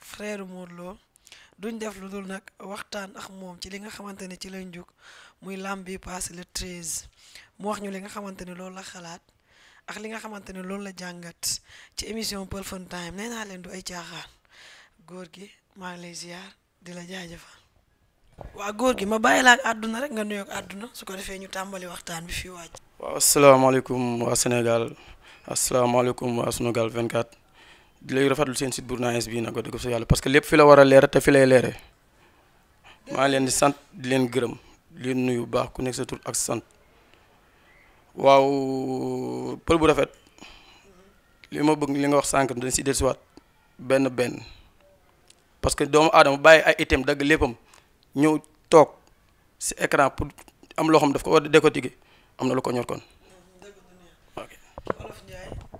frère Modou lool duñ def lu dul nag waxtaan ak moom ci li nga xamante ne ci la njug muy làmb bi passé le 13 mu wax ñu li nga xamante ne loolu la xalaat ak li nga xamante ne loolu la jàngat ci émission Peul Fun Time nee naa leen du ay caaxaan góor gi maa ngi di la jaajëfal. waa góor gi ma bàyyi la ak àdduna rek nga nuyoog àdduna su ko defee ñu tàmbali waxtaan bi fii waaj. waaw asalaamaaleykum waa Sénégal asalaamaaleykum waa Sunugal di lay rafetlu seen site bournaes bi nag dëgg sa yàlla parce que lépp fi la war a leere te fi lay leere maa leen di sant di leen gërëm di leen nuyu bu baax ku nekk sa tur ak sant waaw pël bu rafet li ma bëgg li nga wax sànq dañ si dellusiwaat benn benn parce que doomu aadama bàyyi ay item dagg léppam ñëw toog si écran pour am loo xam daf ko war a décortiquer am na lu ko ñor kon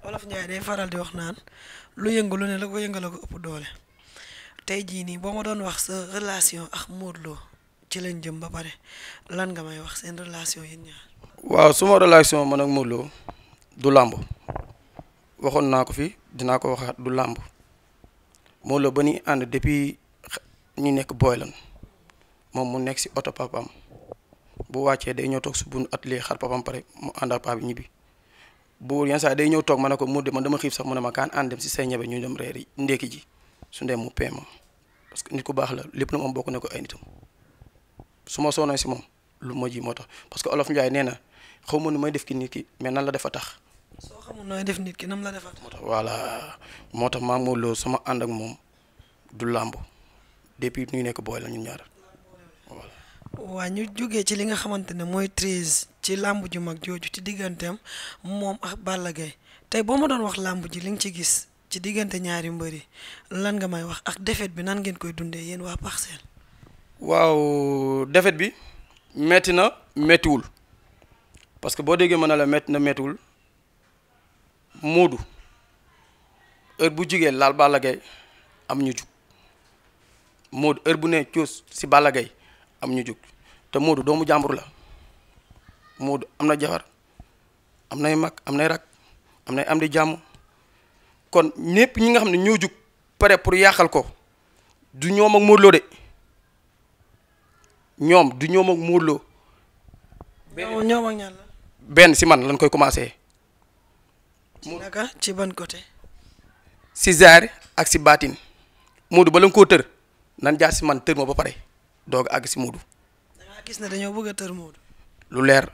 olof Njaay day faral di wax naan lu yëngu ne la ko yëngala ko ëpp doole tey jii nii boo ma doon wax sa relation ak Modou Lo ci lañ jëm ba pare lan nga may wax seen relation yéen waaw suma relation man ak Modou du làmb waxoon naa ko fi dinaa ko waxaat du làmb Modou ba ñuy ànd depuis ñu nekk booy lan moom mu nekk si oto papam bu wàccee day ñëw toog su at atelier xar papam pare mu ànd ak paa ñibbi. buur yenn saa day ñëw toog ma ne ko mu de dama xiif sax mu ne ma kaan ànd dem si say ñebe ñu dem reer yi ndékki ji su ndee mu pee moom parce que nit ku baax la lépp lu moom bokk na ko ay nitam su ma sonnoon si moom lu ma ji moo tax parce que olof Njaay nee na xaw ma nu may def ki nit ki mais nan la dafa tax. soo xamul nooy def nit ki nam la defaat. moo tax voilà moo tax maa ngi sama ànd ak moom du làmb depuis ñu nekk booy la ñun ñaar waa ñu jóge ci li nga xamante ne mooy treize ci làmb ju mag jooju ci digganteem moom ak Balla Gaye tey boo ma doon wax làmb ji li nga ci gis ci diggante ñaari mbër yi lan nga may wax ak défaite bi nan ngeen koy dundee yéen waa Parcelles. waaw défaite bi metti na méttiwul parce que boo déggee mën na la metti na méttiwul Moodu heure bu jigéen laal Balla Gaye am ñu jug Moodu heure bu ne coos si Balla Gaye am ñu jóg te Moodu doomu jàmbur la Moodu am na jabar am nay mag am nay rak am nay am di jàmm kon ñépp ñi nga xam ne ñoo jug pare pour yàqal ko du ñoom ak Modou de ñoom du ñoom ak Modou Lo. ñoom ak la. benn si man lañ koy commencé. ci naka ci ban côté. si zaar ak si baatin Modou ba lañ koo tër nan jaar si man tër ma ba pare. doog àgg si Modou. da dañoo bëgg a tër lu leer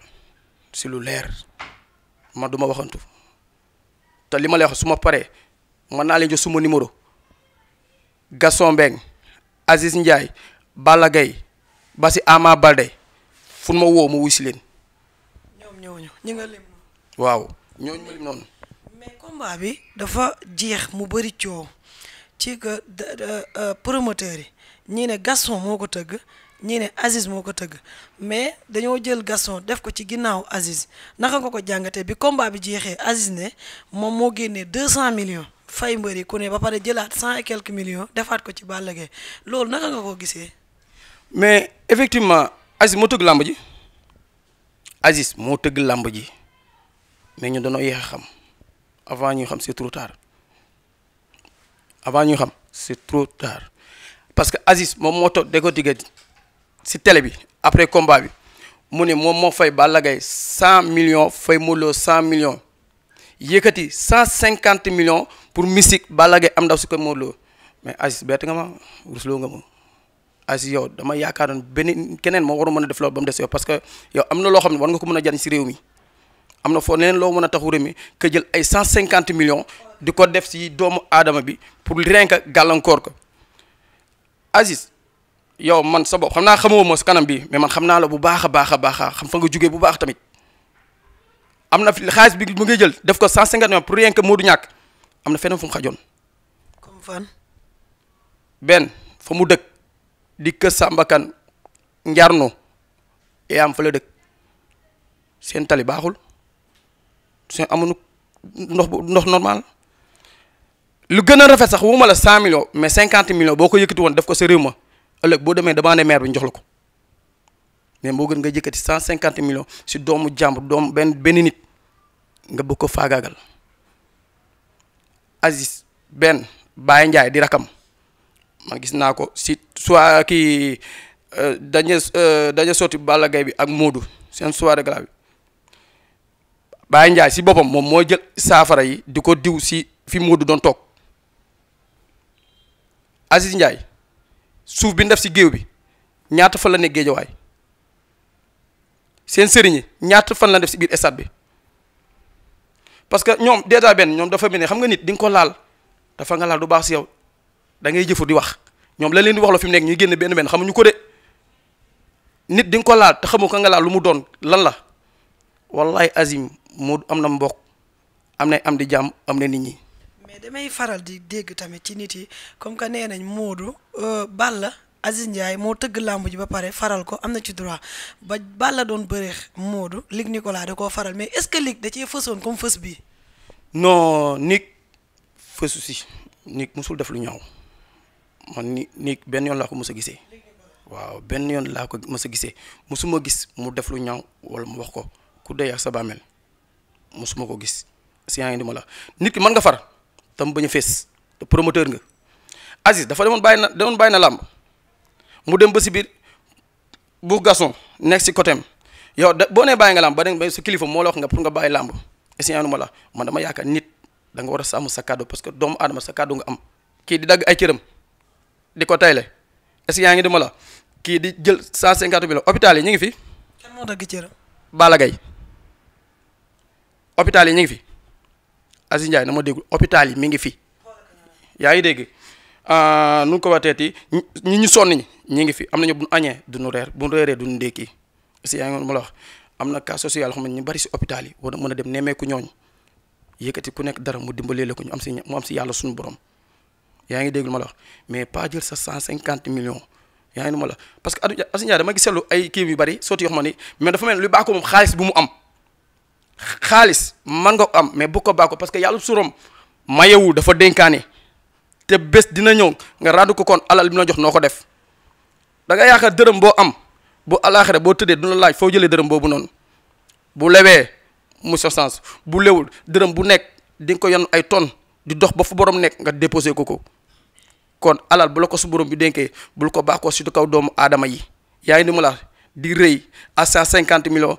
si lu leer man du waxantu te li ma lay wax su ma paree mën naa leen jox suma numéro Gaston Mbengue Aziz Ndiaye Balla Gaye ba si Ama Balde fu ma woo ma wuy leen. ñoom ñooñu ñi waaw ñooñu ma lim noonu. dafa jeex mu bëri coow ci que euh, promoteurs yi. ñii ne Gaston moo ko tëgg ñii ne Aziz moo ko tëgg mais dañoo jël Gaston def ko ci ginnaaw Aziz naka nga ko jàngatee bi combat bi jeexee Aziz ne moom moo génnee deux cent millions fay mbër ku ne ba pare jëlaat cent et quelques millions defaat ko ci Balla Gaye loolu naka nga ko gisee. mais effectivement Aziz moo tëgg làmb ji Aziz moo tëgg làmb ji mais ñu doon yéex a xam avant ñuy xam c'est trop tard avant ñuy xam c'est trop tard. parce que Aziz moom moo toog décortiqué si télé bi après combat bi mu ne moom moo fay Balla Gaye cent millions fay Modou Lo cent millions yëkkati cent cinquante million pour mystique Balla Gaye am ndaw si ko Modou Lo mais Aziz bett nga ma rusloo nga ma Aziz yow dama yaakaaroon benn keneen moo war a mën a def loolu ba mu des yow parce que yow am na loo xam ne war nga ko mën a jariñ si réew mi am na foo leneen loo mën a taxu réew mi que jël ay cent cinquante million di ko def si doomu aadama bi pour rien gàllankoor ko Aziz yow man sa bopp xam naa xamoo ma kanam bi mais man xam naa la bu baax a baax a xam fa nga jugee bu baax tamit am na fi xaalis bi mu ngi jël def ko cent cinquante millions pour rien que Modou am na feneen fu mu xajoon. comme fa mu dëkk di kër Samba Kane Njarno et am fa la dëkk seen tali baaxul seen amuñu ndox ndox normal. lu gën a rafet sax waxuma la cent millions mais cinquante millions boo ko yëkkati woon def ko sa réew ma ëllëg boo demee demandé maire bi ñu la ko mais moo gën nga yëkkati cent cinquante millions si doomu jàmbur doom benn benn nga bëgg ko faagaagal benn Baye Ndiaye di rakam man gis naa ko si soit kii dañu euh, dañu euh, sotti Balla Gaye bi ak Modou seen soirée gala si boppam moom mooy jël saafara yi di ko diw si fi Modou doon toog. Aziz Ndiaye suuf bi ndef si géew bi ñaata fan la ne géejawaay seen sëriñ yi ñaata fan la def si biir stade bi parce que ñoom déjà benn ñoom dafa mel ne xam nga nit di ko laal dafa nga laal du baax si yow da ngay jëfu di wax ñoom la leen di wax la fi mu nekk ñuy génn benn benn xamuñu ko de nit di ko laal te xamu ko nga laal lu mu doon lan la wallahi azim moo am na mbokk am na am di jàmm am na nit ñi. mais damay faral di dégg tamit ci nit yi comme que nee nañ Moodu euh, Balla Aziz Ndiaye moo tëgg làmb ji ba pare faral ko am na ci droit ba Balla doon bëreex Moodu Luc Nicolas da koo faral mais est-ce que Luc da cee fësoon comme fës bii. non Luc fësu si Luc musul def lu ñaw man ni benn yoon laa ko a gisee. waaw benn yoon laa ko a gisee mosuma gis mu def lu ñaaw wala mu wax ko ku dee sa bàmmeel mosuma ko gis si yaa ngi nit ki mën nga far. tam bañ a fees promoteur nga Aziz dafa demoon bàyyi na demoon bàyyi na làmb mu dem ba si biir bu Gasson nekk si côté yow da boo nee bàyyi nga làmb ba dem ba sa kilifa moo la wax nga pour nga bàyyi làmb essayé ma la man dama yaakaar nit da nga war a sàmm sa kàddu parce que doomu aadama sa kàddu nga am. kii di dagg ay cëram di ko tayle est-ce ngi dama la kii di jël 150 millions hôpital yi ñu ngi fi. kan moo hôpital yi ñu ngi fi. Aziz na ma déglu hôpital yi mi ngi fi yaa ngi dégg ah, nu ko waxeeti ñi ñu sonn ñi ñi ngi fi am nañu bu ñu añee duñu reer bu ñu reeree duñu ndékki aussi yaa ngi am na cas social xam ne ñu bari si hôpital yi war a mën a dem nemmeeku ñooñu yëkkati ku nekk dara mu dimbalee la ko ñu am si mu si yàlla suñu borom yaa ngi dégg lu ma la wax mais pas jël sa 150 millions yaa ngi ma la parce que Aziz gis seetlu ay kii yu bari sotti yoo xam mais dafa lu baax ko moom xaalis bu mu am. xaalis man nga am mais bu ko baa ko parce que yàlla suram mayewul dafa dénkaane te bés dina ñëw nga rendu ko kon alal bi na jox noo ko def da nga yaakaar dërëm boo am bu alaaxira boo tëddee du la laaj foo jëlee dërëm boobu noonu bu lewee mu sens bu lewul dërëm bu nekk di nga ko yan ay tonnes di dox ba fu borom nekk nga déposé ko ko kon alal bu la ko su borom bi dénkee bul ko baax ko si kaw doomu aadama yi yaa ngi ma mu di rëy à cent cinquante millions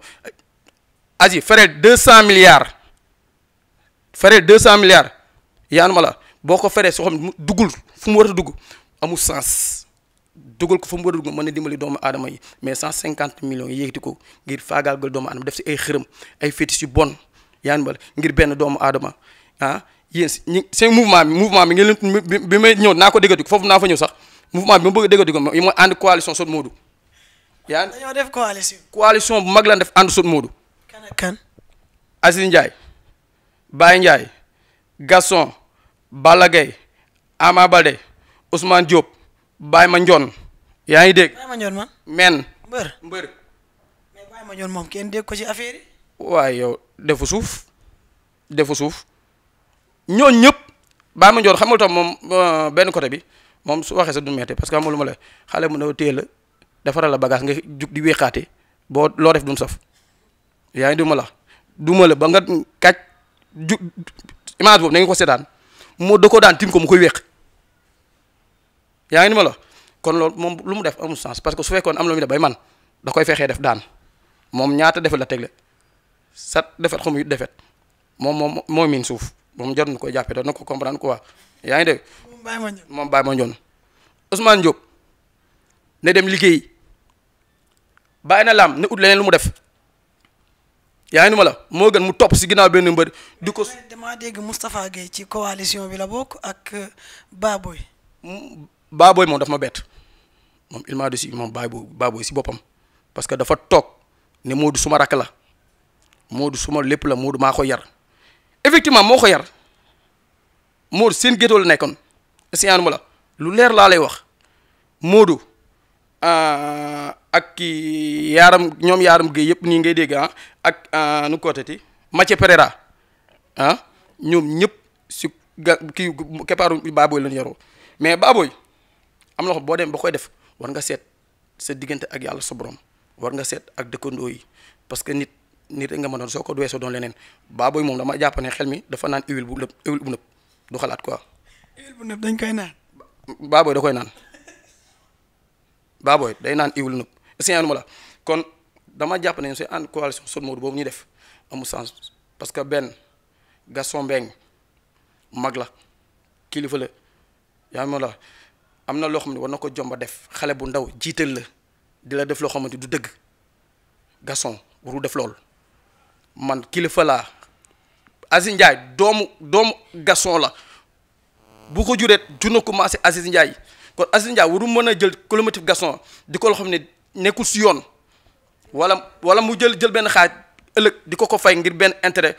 aji frais deux cent milliards frais deux cent milliards yaanu ma la boo ko feree soo xam ne duggul fu mu war a dugg amul sens dugal ko fu mu war a dugg mën na dimbali doomu aadama yi mais cent cinquante millions yi yéegti ko ngir faagaagal doomu aadama def si ay xërëm ay fétiche yu bon yaanu ma la ngir benn doomu aadama ah yéen ñi seen mouvement bi mouvement bi ngeen ñëw naa ko déggati foofu naa fa ñëw sax mouvement bi ma bëgg a déggati ko mooy ànd coalition Sot Moodu yaa dañoo def coalition. coalition bu mag lan def ànd Sot Moodu kan Aziz Ndiaye Baye Ndiaye Gaston Balla Gaye Ama Baldé Ousmane Diop yaa ngi dégg Baye Mandione mbër mbër mais Baye Mandione moom kenn dégg ko ci affaire yi waaye yow defu suuf defu suuf ñooñu ñëpp Baye Mandione xam nga tam moom euh, benn côté bi moom su waxee sa du metti parce que xam ma lay xale mu ne téye la defaral la bagage nga jug di wéexaate boo loo def dum saf yaa ngi ma la duma la ba nga kàcc ju image boobu na nga ko seetaan moo da ko daan tim ko mu koy weq yaa ngi duma la kon loolu moom lu mu def amul sens parce que su fekkoon am na lu muy def bay man da koy fexee def daan moom ñaata defe la tegle sat defet xamu yu defet moom moom mooy miin suuf moom jarul koy jàppee doon na ko comprendre quoi yaa ngi dégg. moom Baye Mandione Ousmane Diop ne dem liggéeyi bàyyi na laam ne ut leneen lu mu def. yaa ngi ma la moo gën mu topp si ginnaaw benn mbër du ko. damaa dégg Moustapha Gueye ci coalition bi la bokk ak euh, Baboy. Baboy moom daf ma bett moom il m'a déçu moom Baboy si boppam parce que dafa toog ne Modou suma rakk la Modou suma lépp la Modou maa ko yar effectivement moo ko yar Modou seen gétoo la nekkoon si yaa ngi ma la lu leer laa lay wax Modou. Euh, ak kii yaaram ñoom yaaram géey yëpp nii ngay dégg ah ak nu kootati Mathieu Pereira ah ñoom ñëpp si ga kii keppaaru baabooy lañu yaroo mais baabooy am na xam boo dem ba koy def war nga seet sa diggante ak yàlla sa borom war nga seet ak dëkkandoo yi parce que nit nit nga ma doon soo ko weesoo doon leneen baabooy moom dama jàpp ne xel mi dafa naan huile bu nëb huile bu nëb du xalaat quoi. huile bu nëb dañ koy naan. baabooy da koy naan baabooy day naan huile nëb. sien la kon dama jàpp ne suñu ànd coalition boobu ñu def amul sens parce que benn Gaston Mbengue mag la kilifa la yaa ngi la am na loo xam ne war na ko jomba def xale bu ndaw jiital la di la def loo xamante du dëgg Gaston warul def loolu man kilifa laa Aziz Ndiaye doomu doomu Gaston la bu ko juree jur na commencé Aziz Ndiaye kon Aziz Ndiaye warul mën a jël colomotive Gaston di ko loo xam ne. nekkul si yoon wala wala mu jël jël benn xaaj ëllëg di ko ko fay ngir benn intérêt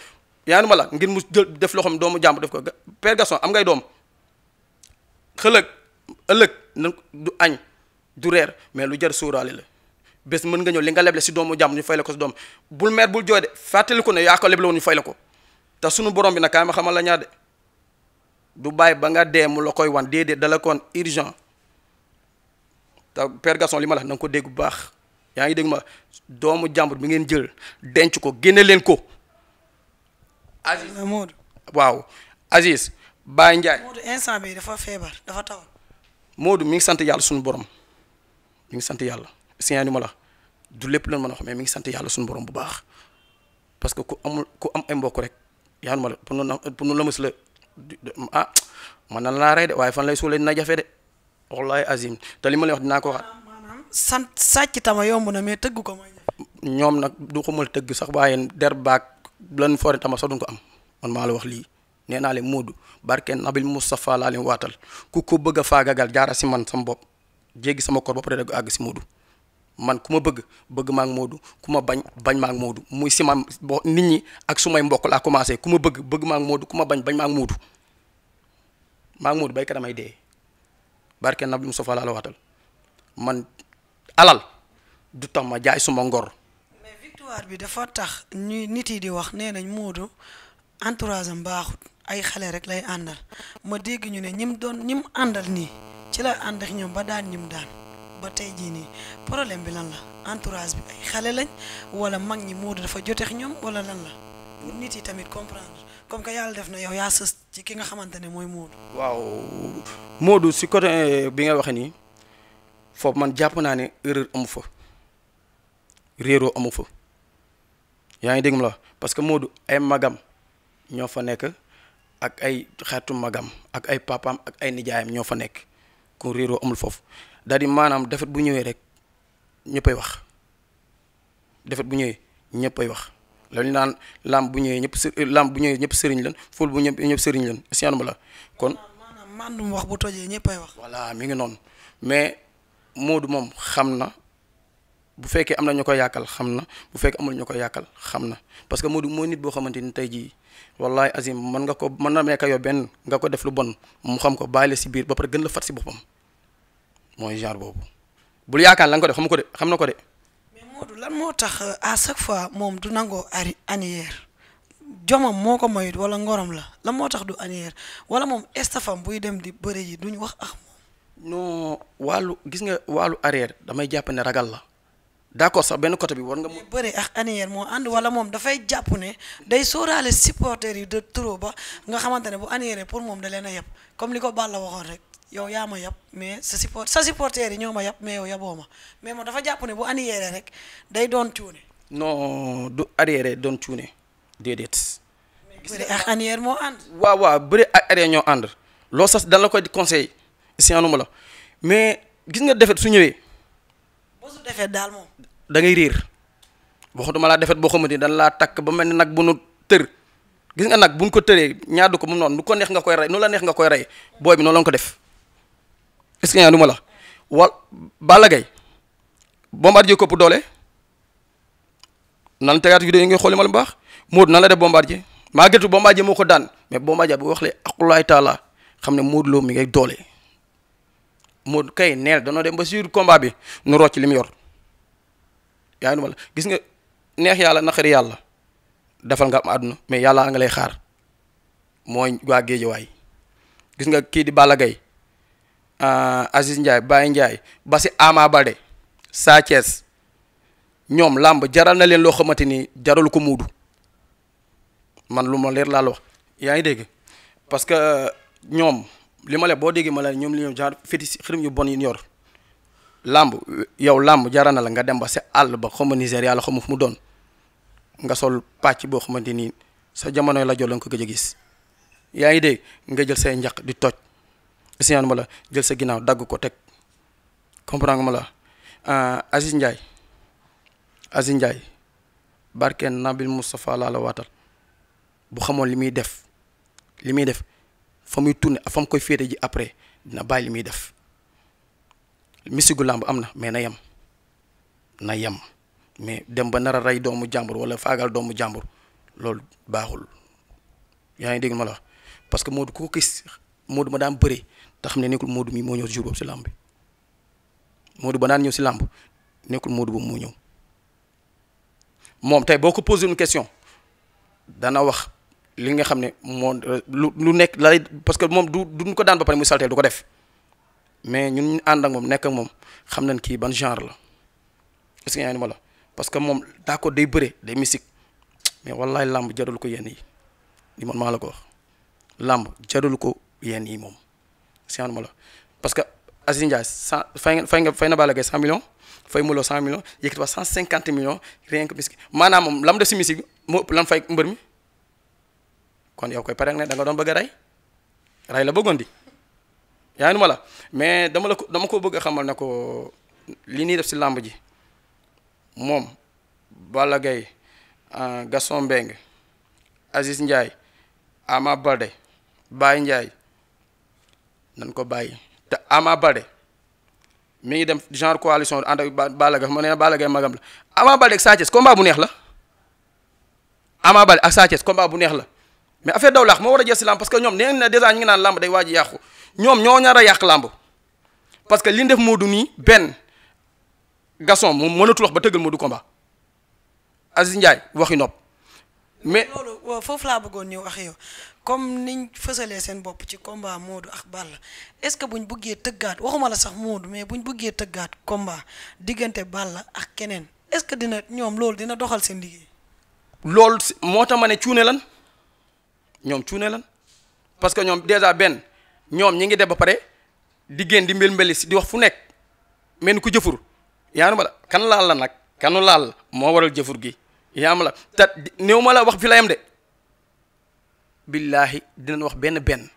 yaa ma la ngir mu jël def loo xam doomu jàmbur def ko père Gaston am ngay doom xëlëg ëllëg na du añ du reer mais lu jar sóoraale la bés mën nga ñëw li nga leble si doomu jàmbur ñu fay la ko si doom bul meer bul jooy de fàttali ne yaa ko leble woon ñu fay la ko te sunu borom bi nag kaay ma xamal la ñaar de du bàyyi ba nga dee mu la koy wan déedéet dala koon urgent per Gaston li ma la na ko dégg bu baax yaa ngi dégg ma doomu jàmbur bi ngeen jël denc ko génne leen ko. Aziz waaw Aziz Baye Ndiaye. Moodu instant dafa feebar dafa taw. Moodu mi ngi sant yàlla suñu borom mi ngi sant yàlla sëñ ma la du lépp lan mën a wax mais mi ngi sant yàlla suñu borom bu baax parce que ku amul ku am mbokk rek yaa ma la pour nu la ah, mës la man nan laa rey de waaye fan lay suulee na jafe de. wallaay azim te li ma lay wax dinaa ko waxaat. sant sàcc tama yomb na mais tëgg ko mooy. ñoom nag du xumal tëgg sax waaye der baag lan foore tama sax duñ ko am man maa la wax lii nee naa leen Moodu barke Nabil Moustapha laa leen waatal ku ko bëgg a faagagal jaara si man sama bopp jéggi sama kor ba pare dagg àgg si Moodu man ku ma bëgg bëgg maak Moodu ku ma bañ bañ maak Moodu muy si man bo nit ñi ak su may mbokk laa commencé ku ma bëgg bëgg maak Moodu ku ma bañ bañ maak Moodu maak Moodu béykat damay dee. barke nab lu Mustafa la waatal man alal du tax ma jaay suma ngor. mais victoire bi dafa tax ñuy nit yi di wax nee nañ Modou entourage am baaxut ay xale rek lay àndal ma dégg ñu ne ñim doon ñim àndal nii ci la ànd ak ñoom ba daan ñim daan ba tey jii nii problème bi lan la entourage bi ay xale lañ wala mag ñi Modou dafa joteex ñoom walla lan la pour nit yi tamit comprendre. comme que yàlla def na yow yaa sës ci ki nga xamante ne mooy Modou. waaw Modou si côté eh, bi nga wax nii foofu man jàpp naa ne erreur amu fa réeroo amu fa yaa ngi dégg la parce que Modou ay magam ñoo fa nekk ak ay xeetu magam ak ay papaam ak ay nijaayam ñoo fa nekk kon réeroo amul foofu daal di maanaam defet bu ñëwee rek ñëppay wax defet bu ñëwee ñëppay wax. lañu naan làmb bu ñëwee ñëpp së euh, làmb bu ñëwee ñëpp sëriñ lan ful bu ñëpp ñëpp sëriñ lan si ma la kon. maanaam màndum wax bu tojee ñëppay wax. voilà mi ngi noonu mais Modou moom xam na bu fekkee am na ñu ko yàkkal xam na bu fekkee amul ñu ko yàkkal xam na parce que Modou mooy nit boo xamante ni tey jii wallahi Azim mën nga ko mën na meeka yow benn nga ko def lu bon mu xam ko bàyyi la si biir ba pare gën la fat si boppam mooy genre boobu bul yaakaar la nga ko de xam na ko de. Modou lan moo tax euh, à chaque fois moom du nangoo ari annière jomam moo ko moyut wala ngorom la lan moo tax du annière wala moom estafam buy dem di bëre yi duñ wax ak moom. non wàllu gis nga wàllu arrière damay jàpp ne ragal la d'accord sax benn côté bi war nga. bëre ak annière moo ànd wala moom dafay jàpp ne day sóoraale supporters yi de trop ba nga xamante ne bu annière pour moom da leen a yeb comme li ko Balla waxoon rek. yow yaa ma yab mais sa support sa supporter yi ñoo ma yab mais yow yaboo ma mais moom dafa jàpp ne bu arrière rek day doon cuune. non du arrière doon cuune déedéet. bëri ak arrière moo ànd. waaw waaw bëri ak arrière ñoo ànd loo sas dan la koy conseil si anuma la mais gis nga defet su ñëwee. boo su defet daal moom. da ngay réer waxatuma laa defet boo xamante ni dañ laa takk ba mel ni nag bu nu tër. gis nga nag bu ñu ko tëree ñaadu ko mu noonu nu ko neex nga koy rey nu la neex nga koy rey booy bi noonu la ko def. est ma la wal Balla Gaye Bombardier kopp doole nan tegaat vidéo yi ngay xooli ma lu baax Modou nan la def Bombardier maa gëtu moo ko daan mais Bombardier bu waxlee aqulaay taala xam ne Modou mi ngay doole Modou kay neel danoo dem ba sur combat bi nu rocc li mu yor yaa gis nga neex yàlla naqari yàlla defal nga am àdduna mais yàlla nga lay xaar mooy waa géejawaay gis nga kii di Balla Gaye Euh, Aziz Ndiaye Baye Ndiaye ba si Ama Balde Sa Thiès ñoom làmb jaral na leen loo xamante ni jaral ko muudu man lu ma leer laa wax yaa ngi dégg parce que euh, ñoom li ma la boo déggee ma la ñoom li ñoom genre fétiche xërëm yu bon yi ñor làmb yow làmb jaral na la nga dem ba si àll ba xaw ma Nigéria la xaw fu mu doon nga sol pàcc boo xamante ni sa jamono la jot la nga ko gis yaa ngi dégg nga jël say njaq di toj. Siyaan ma la jël sa ginnaaw dagg ko teg comprendre nga ma la ah, Aziz Ndiaye Aziz Ndiaye barkeen Nabil Moustapha laa la waatal bu xamoon li muy def li muy def fa muy tourné fa mu koy féete ji après dina bàyyi li muy def misigu làmb am na mais na yem na yem mais dem ba nar a rey doomu jàmbur wala faagal doomu jàmbur loolu baaxul yaa ngi dégg ma la parce que Modou ku ko gis Modou ma daan bëri te xam ne nekkul Modou mi moo ñëw si boobu si làmb bi Modou ba naan ñëw si làmb nekkul Modou boobu moo ñëw moom tey boo ko posé une question dana wax li nga xam ne moo lu lu nekk la parce que moom du duñ ko daan ba pare muy salteel du ko def mais ñun ànd ak moom nekka moom xam nañ kii ban genre la est ce que parce que moom daa ko day bëre day mystique mais wallaay làmb jaralu ko yenn yi li man maa la ko wax làmb jarul ko yenn yi moom. science ma la parce que Aziz Ndiaye cent fay nga fay nga fay na Balla Gaye 100 fay Modou Lo 100 millions yëkkati wax 150 millions rien que bis maanaam moom lam def si musique moo lan fay mbër mi kon yow koy pare na da doon bëgg a rey rey la bëggoon di yaa ngi la mais dama la ko dama ko bëgg a xamal ne ko li ñuy def si làmb ji moom Balla Gaye ah, Gaston Mbengue Aziz Ndiaye Ama Balde Baye nañ ko bàyyi te Ama Baldé mi dem genre coalition ànd ak Balla Gaye ma nee na Balla Gaye magam la Ama Baldé ak Sa Thiès bu neex la Ama Baldé ak Sa Thiès bu neex la mais affaire daw laax moo war a jël si làmb parce que ñoom nee na a ñu ngi naan làmb day waaj yàqu ñoom ñoo ñaar a yàq làmb parce que li ñu def Modou nii benn Gaston moom mënatul wax ba tëggal Modou combat Aziz Ndiaye waxi nopp mais loolu foofu laa bëggoon ñu wax yow comme niñ fësalee seen bopp ci combat Modou ak Balla est-ce que buñ buggee tëggaat waxuma la sax Modou mais buñ bëggee tëggaat combat diggante Balla ak keneen est-ce que dina ñoom loolu dina doxal seen liggéey. loolu moo tax ma ne cuune lan ñoom cuune lan parce que ñoom déjà benn ñoom ñi ngi def ba pare di génn di mbel mbelis di wax fu nekk mel ni ku jëfur yaa ma la kan laal la nag kanu laal moo waral jëfur gi. yaa ma la te néew ma la wax fi la de billaahi dinañ wax benn benn